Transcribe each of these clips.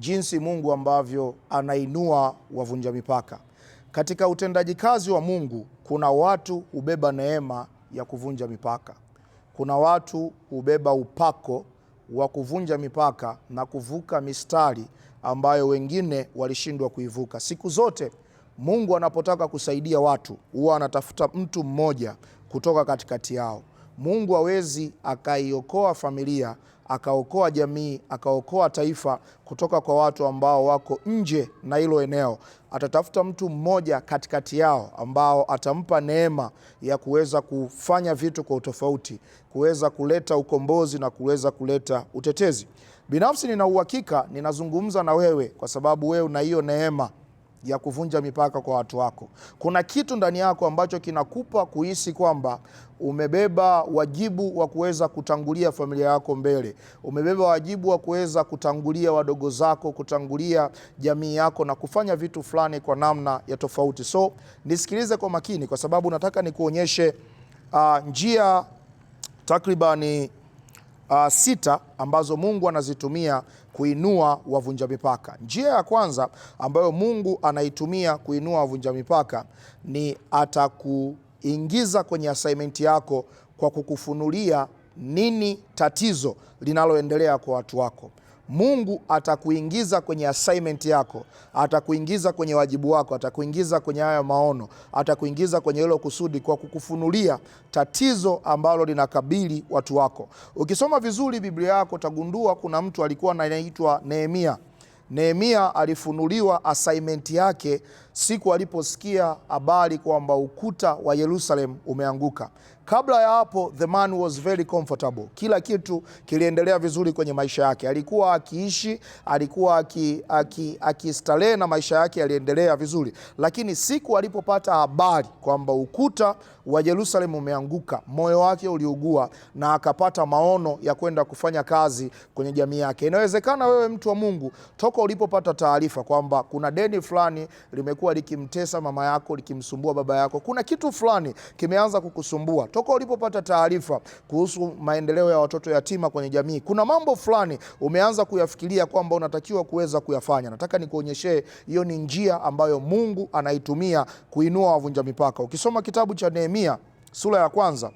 jinsi Mungu ambavyo anainua wavunja mipaka. Katika utendaji kazi wa Mungu kuna watu hubeba neema ya kuvunja mipaka, kuna watu hubeba upako wa kuvunja mipaka na kuvuka mistari ambayo wengine walishindwa kuivuka. Siku zote Mungu anapotaka kusaidia watu huwa anatafuta mtu mmoja kutoka katikati yao. Mungu hawezi akaiokoa familia akaokoa jamii, akaokoa taifa kutoka kwa watu ambao wako nje na hilo eneo. Atatafuta mtu mmoja katikati yao ambao atampa neema ya kuweza kufanya vitu kwa utofauti, kuweza kuleta ukombozi na kuweza kuleta utetezi. Binafsi nina uhakika ninazungumza na wewe kwa sababu wewe una hiyo neema ya kuvunja mipaka kwa watu wako. Kuna kitu ndani yako ambacho kinakupa kuhisi kwamba umebeba wajibu wa kuweza kutangulia familia yako mbele, umebeba wajibu wa kuweza kutangulia wadogo zako, kutangulia jamii yako na kufanya vitu fulani kwa namna ya tofauti. So nisikilize kwa makini, kwa sababu nataka nikuonyeshe uh, njia takribani uh, sita ambazo Mungu anazitumia kuinua wavunja mipaka. Njia ya kwanza ambayo Mungu anaitumia kuinua wavunja mipaka ni atakuingiza kwenye assignment yako kwa kukufunulia nini tatizo linaloendelea kwa watu wako. Mungu atakuingiza kwenye assignment yako, atakuingiza kwenye wajibu wako, atakuingiza kwenye hayo maono, atakuingiza kwenye hilo kusudi kwa kukufunulia tatizo ambalo linakabili watu wako. Ukisoma vizuri Biblia yako utagundua kuna mtu alikuwa anaitwa Nehemia. Nehemia alifunuliwa assignment yake siku aliposikia habari kwamba ukuta wa Yerusalemu umeanguka. Kabla ya hapo the man was very comfortable, kila kitu kiliendelea vizuri kwenye maisha yake, alikuwa akiishi, alikuwa akistarehe aki, aki na maisha yake yaliendelea vizuri, lakini siku alipopata habari kwamba ukuta wa Yerusalemu umeanguka, moyo wake uliugua, na akapata maono ya kwenda kufanya kazi kwenye jamii yake. Inawezekana wewe mtu wa Mungu, toka ulipopata taarifa kwamba kuna deni fulani limekuwa likimtesa mama yako, likimsumbua baba yako, kuna kitu fulani kimeanza kukusumbua toka ulipopata taarifa kuhusu maendeleo ya watoto yatima kwenye jamii, kuna mambo fulani umeanza kuyafikiria kwamba unatakiwa kuweza kuyafanya. Nataka nikuonyeshe hiyo ni njia ambayo Mungu anaitumia kuinua wavunja mipaka. Ukisoma kitabu cha Nehemia Yeremia sura ya kwanza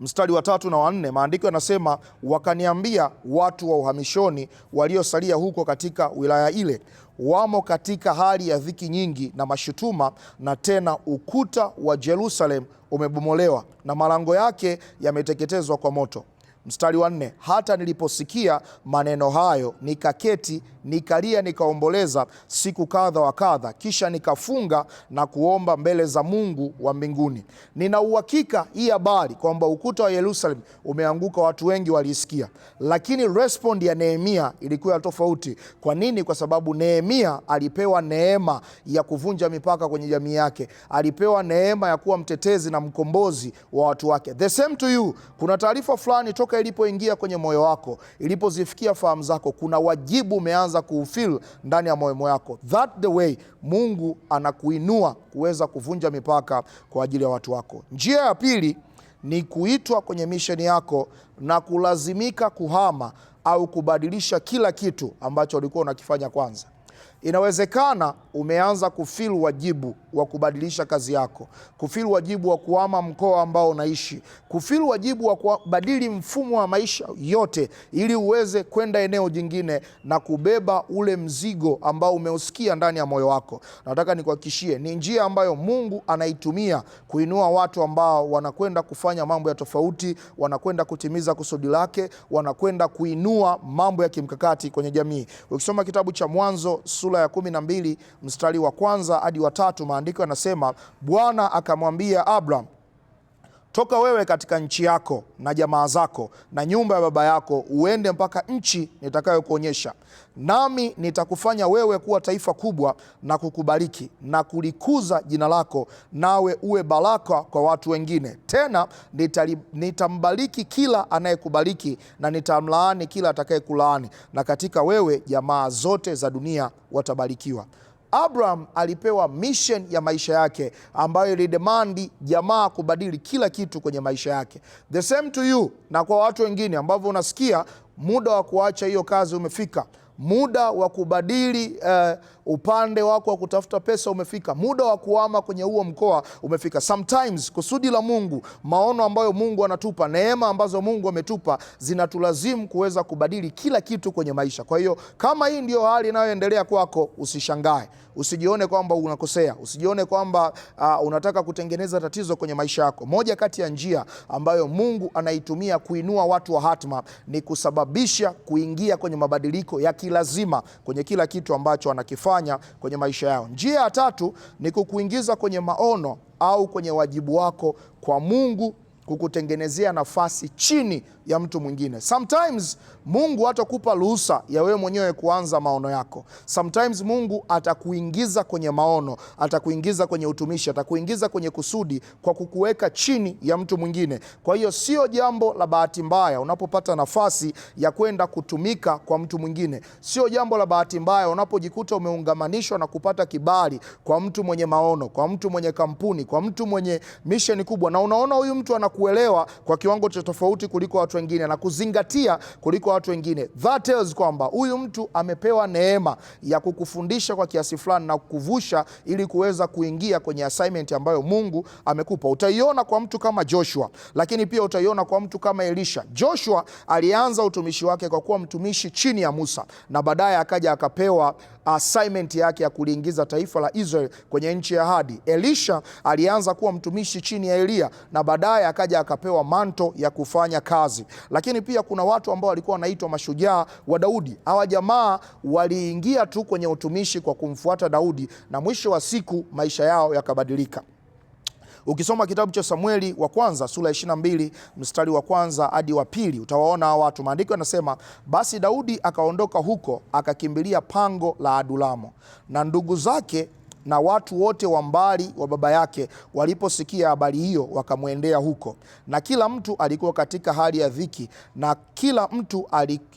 mstari wa tatu na wanne, maandiko yanasema wakaniambia, watu wa uhamishoni waliosalia huko katika wilaya ile wamo katika hali ya dhiki nyingi na mashutuma, na tena ukuta wa jerusalem umebomolewa na malango yake yameteketezwa kwa moto mstari wa nne, hata niliposikia maneno hayo nikaketi nikalia nikaomboleza siku kadha wa kadha, kisha nikafunga na kuomba mbele za Mungu wa mbinguni. Nina uhakika hii habari kwamba ukuta wa Yerusalemu umeanguka, watu wengi waliisikia, lakini respond ya Nehemia ilikuwa ya tofauti. Kwa nini? Kwa sababu Nehemia alipewa neema ya kuvunja mipaka kwenye jamii yake, alipewa neema ya kuwa mtetezi na mkombozi wa watu wake. The same to you, kuna taarifa fulani toka sadaka ilipoingia kwenye moyo wako, ilipozifikia fahamu zako, kuna wajibu umeanza kuufil ndani ya moyo wako. That the way Mungu anakuinua kuweza kuvunja mipaka kwa ajili ya watu wako. Njia ya pili ni kuitwa kwenye misheni yako na kulazimika kuhama au kubadilisha kila kitu ambacho ulikuwa unakifanya kwanza. Inawezekana umeanza kufil wajibu wa kubadilisha kazi yako, kufil wajibu wa kuhama mkoa ambao unaishi, kufil wajibu wa kubadili mfumo wa maisha yote, ili uweze kwenda eneo jingine na kubeba ule mzigo ambao umeusikia ndani ya moyo wako. Nataka nikuhakikishie, ni njia ambayo Mungu anaitumia kuinua watu ambao wanakwenda kufanya mambo ya tofauti, wanakwenda kutimiza kusudi lake, wanakwenda kuinua mambo ya kimkakati kwenye jamii. Ukisoma kitabu cha Mwanzo sura ya kumi na mbili mstari wa kwanza hadi wa tatu, maandiko yanasema Bwana akamwambia Abraham Toka wewe katika nchi yako na jamaa zako na nyumba ya baba yako, uende mpaka nchi nitakayokuonyesha, nami nitakufanya wewe kuwa taifa kubwa na kukubariki na kulikuza jina lako, nawe uwe baraka kwa watu wengine. Tena nitali, nitambariki kila anayekubariki na nitamlaani kila atakayekulaani, na katika wewe jamaa zote za dunia watabarikiwa. Abraham alipewa mission ya maisha yake ambayo ilidemandi jamaa kubadili kila kitu kwenye maisha yake. The same to you na kwa watu wengine ambavyo unasikia muda wa kuacha hiyo kazi umefika. Muda wa kubadili uh, upande wako wa kutafuta pesa umefika. Muda wa kuhama kwenye huo mkoa umefika. Sometimes kusudi la Mungu, maono ambayo Mungu anatupa, neema ambazo Mungu ametupa zinatulazimu kuweza kubadili kila kitu kwenye maisha. Kwa hiyo kama hii ndio hali inayoendelea kwako, usishangae. Usijione kwamba unakosea, usijione kwamba uh, unataka kutengeneza tatizo kwenye maisha yako. Moja kati ya njia ambayo Mungu anaitumia kuinua watu wa hatma ni kusababisha kuingia kwenye mabadiliko ya kilazima kwenye kila kitu ambacho anakifanya kwenye maisha yao. Njia ya tatu ni kukuingiza kwenye maono au kwenye wajibu wako kwa Mungu kukutengenezea nafasi chini ya mtu mwingine. Sometimes Mungu atakupa ruhusa ya wewe mwenyewe kuanza maono yako. Sometimes Mungu atakuingiza kwenye maono, atakuingiza kwenye utumishi, atakuingiza kwenye kusudi kwa kukuweka chini ya mtu mwingine. Kwa hiyo sio jambo la bahati mbaya unapopata nafasi ya kwenda kutumika kwa mtu mwingine. Sio jambo la bahati mbaya unapojikuta umeungamanishwa na kupata kibali kwa mtu mwenye maono, kwa mtu mwenye kampuni, kwa mtu mwenye misheni kubwa na unaona huyu mtu ana kuelewa kwa kiwango cha tofauti kuliko watu wengine na kuzingatia kuliko watu wengine. That tells kwamba huyu mtu amepewa neema ya kukufundisha kwa kiasi fulani na kukuvusha ili kuweza kuingia kwenye assignment ambayo Mungu amekupa. Utaiona kwa mtu kama Joshua, lakini pia utaiona kwa mtu kama Elisha. Joshua alianza utumishi wake kwa kuwa mtumishi chini ya Musa na baadaye akaja akapewa assignment yake ya kuliingiza taifa la Israel kwenye nchi ya ahadi. Elisha alianza kuwa mtumishi chini ya Eliya na baadaye akaja akapewa manto ya kufanya kazi. Lakini pia kuna watu ambao walikuwa wanaitwa mashujaa wa Daudi. Hawa jamaa waliingia tu kwenye utumishi kwa kumfuata Daudi na mwisho wa siku maisha yao yakabadilika. Ukisoma kitabu cha Samueli wa kwanza sura 22 mstari wa kwanza hadi wa pili utawaona hawa watu. Maandiko yanasema basi Daudi akaondoka huko akakimbilia pango la Adulamu na ndugu zake na watu wote wa mbali wa baba yake waliposikia habari hiyo wakamwendea huko, na kila mtu alikuwa katika hali ya dhiki, na kila mtu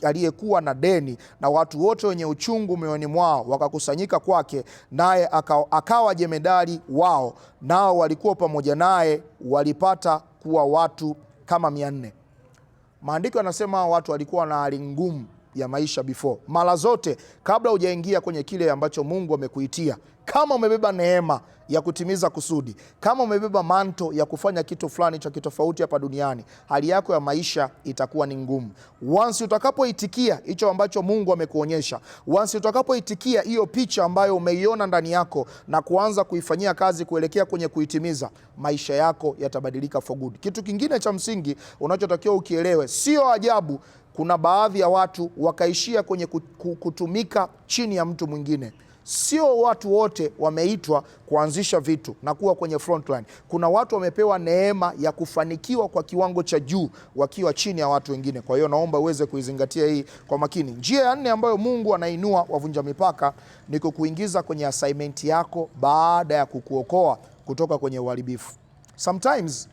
aliyekuwa na deni, na watu wote wenye uchungu mioyoni mwao wakakusanyika kwake, naye akawa, jemedali jemedari wao, nao walikuwa pamoja naye, walipata kuwa watu kama mia nne. Maandiko yanasema watu walikuwa na hali ngumu ya maisha before, mara zote kabla hujaingia kwenye kile ambacho Mungu amekuitia, kama umebeba neema ya kutimiza kusudi, kama umebeba manto ya kufanya kitu fulani cha kitofauti hapa duniani, hali yako ya maisha itakuwa ni ngumu. Once utakapoitikia hicho ambacho Mungu amekuonyesha, once utakapoitikia hiyo picha ambayo umeiona ndani yako na kuanza kuifanyia kazi kuelekea kwenye kuitimiza, maisha yako yatabadilika for good. Kitu kingine cha msingi unachotakiwa ukielewe, sio ajabu kuna baadhi ya watu wakaishia kwenye kutumika chini ya mtu mwingine. Sio watu wote wameitwa kuanzisha vitu na kuwa kwenye frontline. Kuna watu wamepewa neema ya kufanikiwa kwa kiwango cha juu wakiwa chini ya watu wengine. Kwa hiyo naomba uweze kuizingatia hii kwa makini. Njia ya nne ambayo Mungu anainua wavunja mipaka ni kukuingiza kwenye assignment yako baada ya kukuokoa kutoka kwenye uharibifu. Sometimes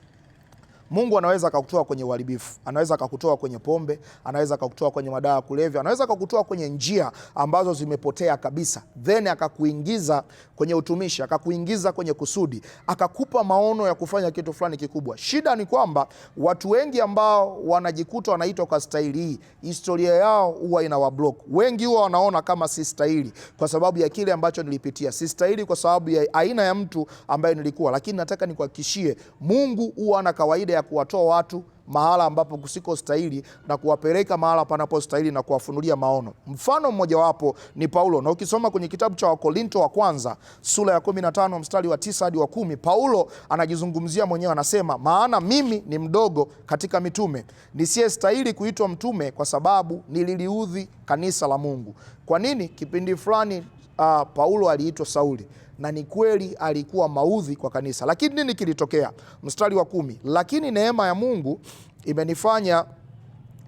Mungu anaweza akakutoa kwenye uharibifu, anaweza akakutoa kwenye pombe, anaweza akakutoa kwenye madawa ya kulevya, anaweza akakutoa kwenye njia ambazo zimepotea kabisa, then akakuingiza kwenye utumishi, akakuingiza kwenye kusudi, akakupa maono ya kufanya kitu fulani kikubwa. Shida ni kwamba watu wengi ambao wanajikuta wanaitwa kwa staili hii, historia yao huwa ina wablock wengi, huwa wanaona kama si stahili kwa sababu ya kile ambacho nilipitia, si stahili kwa sababu ya aina ya mtu ambaye nilikuwa, lakini nataka nikuhakikishie Mungu huwa ana kawaida ya kuwatoa watu mahala ambapo kusiko stahili na kuwapeleka mahala panapo stahili na kuwafunulia maono. Mfano mmojawapo ni Paulo, na ukisoma kwenye kitabu cha Wakorinto wa kwanza sura ya 15 mstari wa 9 hadi wa 10, Paulo anajizungumzia mwenyewe, anasema, maana mimi ni mdogo katika mitume, nisiye stahili kuitwa mtume, kwa sababu nililiudhi kanisa la Mungu. Kwa nini? Kipindi fulani uh, Paulo aliitwa Sauli na ni kweli alikuwa maudhi kwa kanisa. Lakini nini kilitokea? Mstari wa kumi, lakini neema ya Mungu imenifanya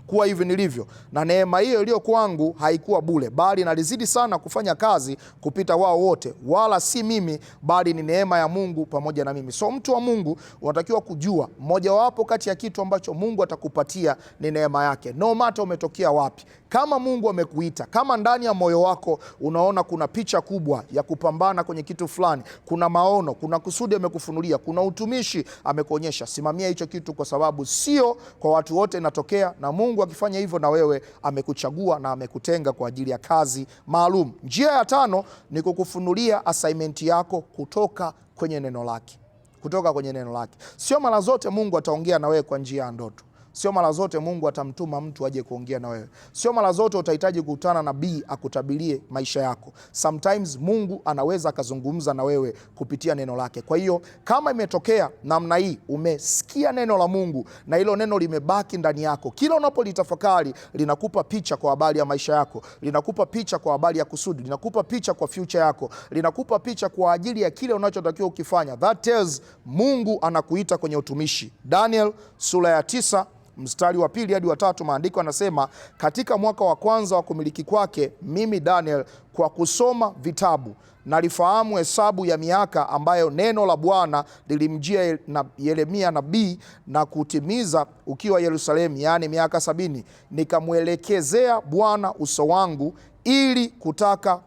kuwa hivi nilivyo, na neema hiyo iliyo kwangu haikuwa bure, bali nalizidi sana kufanya kazi kupita wao wote, wala si mimi, bali ni neema ya Mungu pamoja na mimi. So mtu wa Mungu unatakiwa kujua mojawapo kati ya kitu ambacho Mungu atakupatia ni neema yake, no matter umetokea wapi, kama Mungu amekuita, kama ndani ya moyo wako unaona kuna picha kubwa ya kupambana kwenye kitu fulani, kuna maono, kuna kusudi amekufunulia, kuna utumishi amekuonyesha, simamia hicho kitu, kwa sababu sio kwa watu wote inatokea, na Mungu akifanya hivyo na wewe amekuchagua na amekutenga kwa ajili ya kazi maalum. Njia ya tano ni kukufunulia assignment yako kutoka kwenye neno lake, kutoka kwenye neno lake. Sio mara zote Mungu ataongea na wewe kwa njia ya ndoto. Sio mara zote Mungu atamtuma mtu aje kuongea na wewe. Sio mara zote utahitaji kukutana nabii akutabirie maisha yako. Sometimes Mungu anaweza akazungumza na wewe kupitia neno lake. Kwa hiyo kama imetokea namna hii, umesikia neno la Mungu na hilo neno limebaki ndani yako, kila unapolitafakari linakupa picha kwa habari ya maisha yako, linakupa picha kwa habari ya kusudi, linakupa picha kwa future yako, linakupa picha kwa ajili ya kile unachotakiwa ukifanya. That tells Mungu anakuita kwenye utumishi. Daniel sura ya tisa mstari wa pili hadi wa tatu, maandiko anasema katika mwaka wa kwanza wa kumiliki kwake, mimi Daniel, kwa kusoma vitabu nalifahamu hesabu ya miaka ambayo neno la Bwana lilimjia Yeremia nabii na kutimiza ukiwa Yerusalemu, yaani miaka sabini. Nikamwelekezea Bwana uso wangu ili kutaka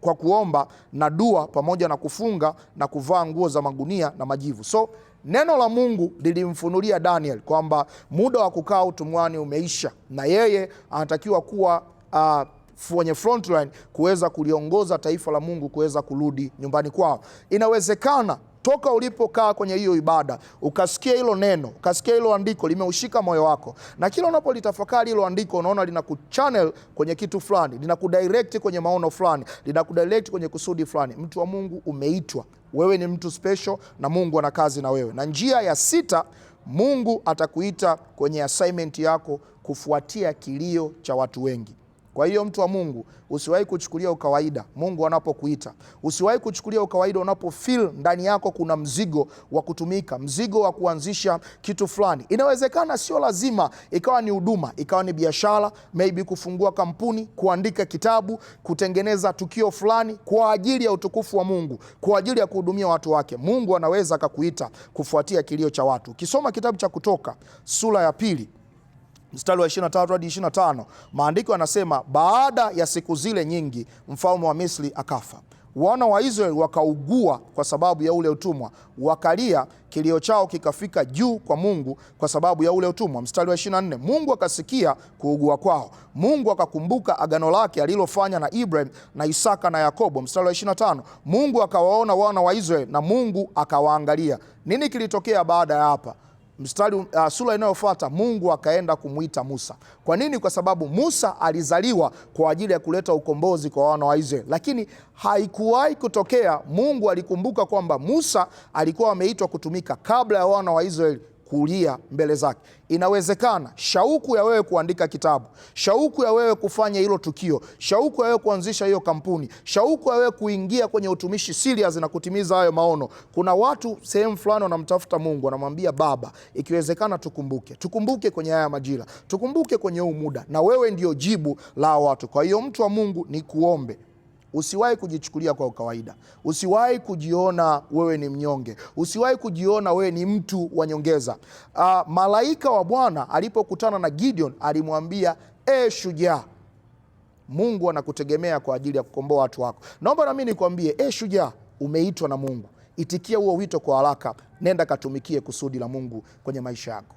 kwa kuomba na dua pamoja na kufunga na kuvaa nguo za magunia na majivu. So neno la Mungu lilimfunulia Daniel kwamba muda wa kukaa utumwani umeisha, na yeye anatakiwa kuwa uh, ah, wenye frontline kuweza kuliongoza taifa la Mungu kuweza kurudi nyumbani kwao. Inawezekana toka ulipokaa kwenye hiyo ibada ukasikia hilo neno ukasikia hilo andiko limeushika moyo wako, na kila unapolitafakari hilo andiko unaona linakuchannel kwenye kitu fulani, linakudirect kwenye maono fulani, linakudirect kwenye kusudi fulani. Mtu wa Mungu, umeitwa wewe, ni mtu special na Mungu ana kazi na wewe. Na njia ya sita, Mungu atakuita kwenye assignment yako kufuatia kilio cha watu wengi. Kwa hiyo mtu wa Mungu, usiwahi kuchukulia ukawaida Mungu anapokuita. Usiwahi kuchukulia ukawaida unapofeel ndani yako kuna mzigo wa kutumika, mzigo wa kuanzisha kitu fulani. Inawezekana sio lazima ikawa ni huduma, ikawa ni biashara, maybe kufungua kampuni, kuandika kitabu, kutengeneza tukio fulani kwa ajili ya utukufu wa Mungu, kwa ajili ya kuhudumia watu wake. Mungu anaweza akakuita kufuatia kilio cha watu. Ukisoma kitabu cha Kutoka sura ya pili mstari wa 23 hadi 25, maandiko yanasema baada ya siku zile nyingi mfalme wa Misri akafa. Wana wa Israeli wakaugua kwa sababu ya ule utumwa, wakalia, kilio chao kikafika juu kwa Mungu kwa sababu ya ule utumwa. Mstari wa 24, Mungu akasikia kuugua kwao, Mungu akakumbuka agano lake alilofanya na Ibrahim na Isaka na Yakobo. Mstari wa 25, Mungu akawaona wana wa Israeli na Mungu akawaangalia. Nini kilitokea baada ya hapa? mstari uh, sura inayofuata Mungu akaenda kumwita Musa. Kwa nini? Kwa sababu Musa alizaliwa kwa ajili ya kuleta ukombozi kwa wana wa Israeli, lakini haikuwahi kutokea Mungu alikumbuka kwamba Musa alikuwa ameitwa kutumika kabla ya wana wa Israeli kulia mbele zake. Inawezekana shauku ya wewe kuandika kitabu, shauku ya wewe kufanya hilo tukio, shauku ya wewe kuanzisha hiyo kampuni, shauku ya wewe kuingia kwenye utumishi serious na kutimiza hayo maono. Kuna watu sehemu fulani wanamtafuta Mungu, wanamwambia Baba, ikiwezekana tukumbuke, tukumbuke kwenye haya majira, tukumbuke kwenye huu muda, na wewe ndio jibu la watu. Kwa hiyo mtu wa Mungu, ni kuombe Usiwahi kujichukulia kwa kawaida, usiwahi kujiona wewe ni mnyonge, usiwahi kujiona wewe ni mtu wa nyongeza. Uh, malaika wa Bwana alipokutana na Gideon alimwambia e, shujaa, Mungu anakutegemea kwa ajili ya kukomboa watu wako. Naomba nami nikwambie, e, shujaa, umeitwa na Mungu. Itikia huo wito kwa haraka, nenda katumikie kusudi la Mungu kwenye maisha yako.